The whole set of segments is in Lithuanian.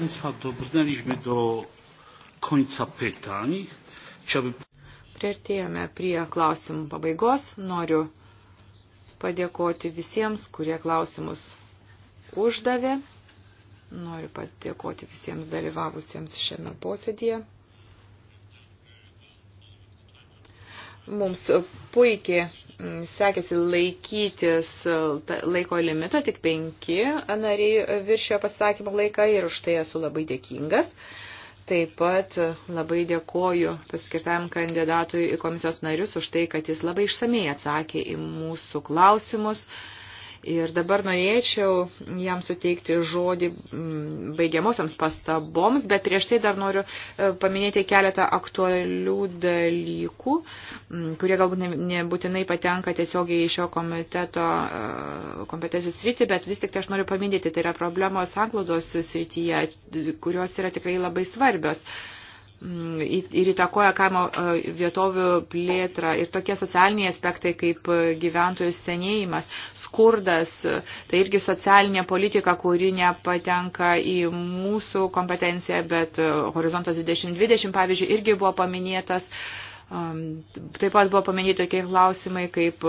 Państwa, dobrnęliśmy do końca pytań. Chciałbym... Prieartėjome prie klausimų pabaigos. Noriu padėkoti visiems, kurie klausimus uždavė. Noriu padėkoti visiems dalyvavusiems šiame posėdėje. Mums puikiai mm, sekėsi laikytis e, laiko limito, tik penki nariai viršio pasakymo laiką ir už tai esu labai dėkingas. Taip pat e, labai dėkoju paskirtam kandidatui į komisijos narius už tai, kad jis labai išsamei atsakė į mūsų klausimus. Uh, Ir dabar norėčiau jam suteikti žodį baigiamosiams pastaboms, bet prieš tai dar noriu e, paminėti keletą aktualių dalykų, kurie galbūt nebūtinai patenka tiesiogiai į šio komiteto e, kompetencijų sritį, bet vis tik tai aš noriu paminėti, tai yra problemos anklaudos srityje, kurios yra tikrai labai svarbios ir įtakoja kaimo e, vietovių plėtrą ir tokie socialiniai aspektai kaip e, gyventojų senėjimas, skurdas, e, tai irgi socialinė politika, kuri nepatenka į mūsų kompetenciją, bet Horizontas 2020, pavyzdžiui, irgi buvo paminėtas. Taip pat buvo paminėti tokie klausimai kaip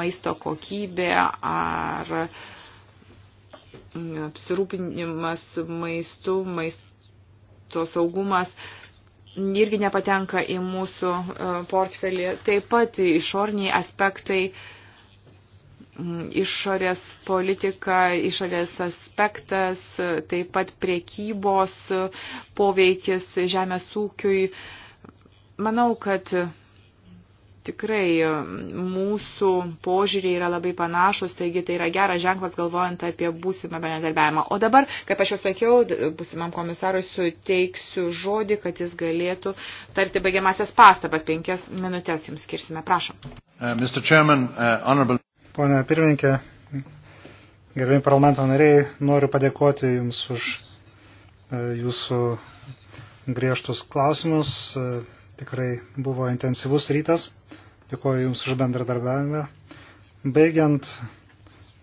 maisto kokybė ar apsirūpinimas maistu, maisto saugumas irgi nepatenka į mūsų e, portfelį. Taip pat išorniai aspektai, išorės politika, išorės aspektas, taip pat priekybos poveikis žemės ūkiui. Manau, kad tikrai e, mūsų požiūriai yra labai panašus, taigi tai yra geras ženklas galvojant apie būsimą bendradarbiavimą. O dabar, kaip aš jau sakiau, būsimam komisarui suteiksiu žodį, kad jis galėtų tarti baigiamasias pastabas. Penkias minutės jums skirsime. Prašom. Uh, Chairman, uh, honorable... Pone pirmininkė, gerbėjai parlamento nariai, noriu padėkoti jums už uh, jūsų griežtus klausimus. Uh, tikrai buvo intensyvus rytas. Dėkuoju Jums už bendradarbiavimą. Baigiant,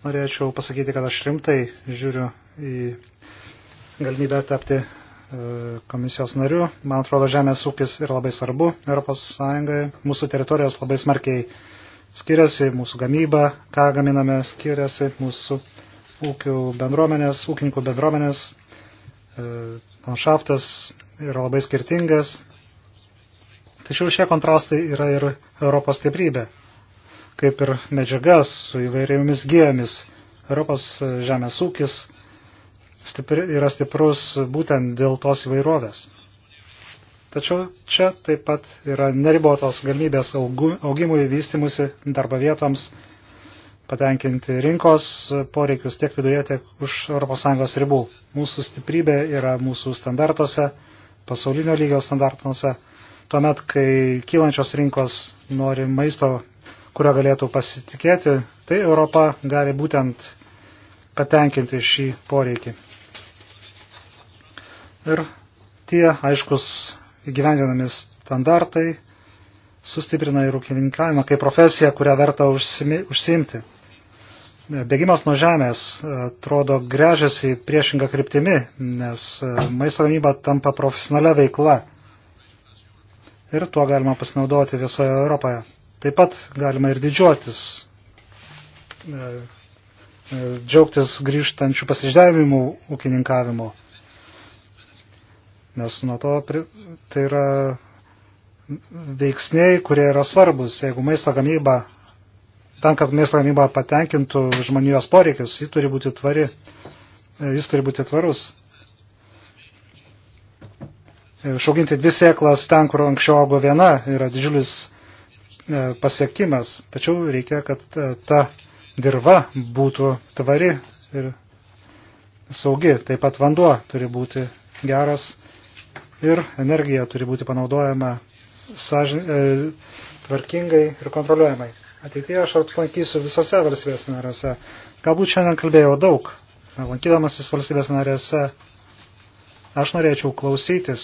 norėčiau pasakyti, kad aš rimtai žiūriu į galimybę tapti e, komisijos nariu. Man atrodo, žemės ūkis yra labai svarbu Europos Sąjungai. Mūsų teritorijos labai smarkiai skiriasi, mūsų gamyba, ką gaminame, skiriasi, mūsų ūkių bendruomenės, ūkininkų bendruomenės, e, landšaftas yra labai skirtingas. Tačiau šie kontrastai yra ir Europos stiprybė, kaip ir medžiaga su įvairiomis gėjomis. Europos žemės ūkis stipri, yra stiprus būtent dėl tos įvairovės. Tačiau čia taip pat yra neribotos galimybės augimui, vystimusi darbo vietoms, patenkinti rinkos poreikius tiek viduje, tiek už ES ribų. Mūsų stiprybė yra mūsų standartuose, pasaulinio lygio standartuose tuomet, kai kylančios rinkos nori maisto, kurio galėtų pasitikėti, tai Europa gali būtent patenkinti šį poreikį. Ir tie aiškus įgyvendinami standartai sustiprina ir ūkininkavimą kaip profesiją, kurią verta užsimi, užsimti. Bėgimas nuo žemės e, atrodo grežiasi priešingą kryptimi, nes e, maisto gamyba tampa profesionalia veikla ir tuo galima pasinaudoti visoje Europoje. Taip pat galima ir didžiuotis, e, e, džiaugtis grįžtančių pasiždavimų ūkininkavimu, nes nuo to tai yra veiksniai, kurie yra svarbus. Jeigu maisto gamyba, tam, kad maisto gamyba patenkintų žmonijos poreikius, ji turi būti tvari, e, jis turi būti tvarus išauginti e, dvi sėklas ten, kur anksčiau augo viena, yra didžiulis e, pasiekimas. Tačiau reikia, kad e, ta dirva būtų tvari ir saugi. Taip pat vanduo turi būti geras ir energija turi būti panaudojama sąžin, e, tvarkingai ir kontroliuojamai. Ateityje aš apsilankysiu visose valstybės narėse. Galbūt šiandien kalbėjau daug. Lankydamasis valstybės narėse Aš norėčiau klausytis,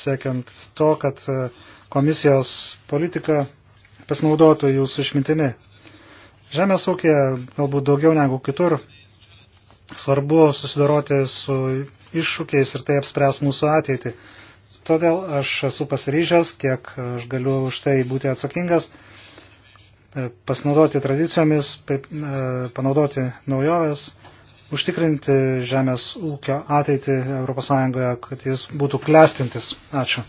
siekiant to, kad e, komisijos politika pasinaudotų jūsų išmintimi. Žemės ūkė galbūt daugiau negu kitur. Svarbu susidoroti su iššūkiais ir tai apspręs mūsų ateitį. Todėl aš esu pasiryžęs, kiek aš galiu už tai būti atsakingas, e, pasinaudoti tradicijomis, e, panaudoti naujoves užtikrinti žemės ūkio ateitį ES, kad jis būtų klestintis. Ačiū.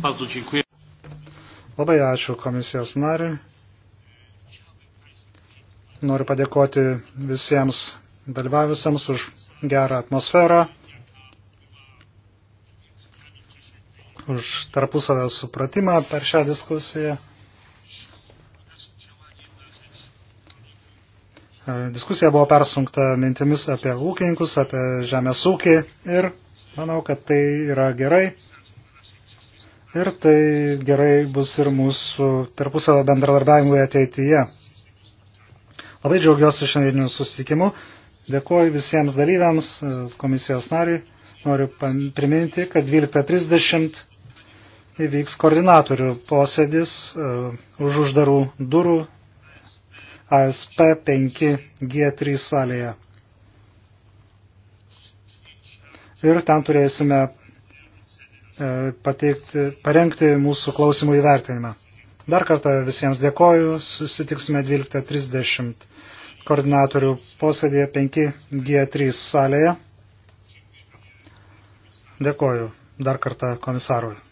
Bardzo dziękuję. Labai ačiū komisijos nariui. Noriu padėkoti visiems dalyvavusiems už gerą atmosferą. už tarpusavę supratimą per šią diskusiją. Diskusija buvo persunkta mintimis apie ūkininkus, apie žemės ūkį ir manau, kad tai yra gerai. Ir tai gerai bus ir mūsų tarpusavio bendradarbiavimui ateityje. Labai džiaugiuosi šiandieniniu susitikimu. Dėkuoju visiems dalyviams, komisijos nariui. Noriu priminti, kad 12.30 įvyks koordinatorių posėdis e, už uždarų durų ASP 5G3 salėje. Ir ten turėsime e, pateikti, parengti mūsų klausimų įvertinimą. Dar kartą visiems dėkoju, susitiksime 12.30 koordinatorių posėdėje 5G3 salėje. Dėkoju dar kartą komisarui.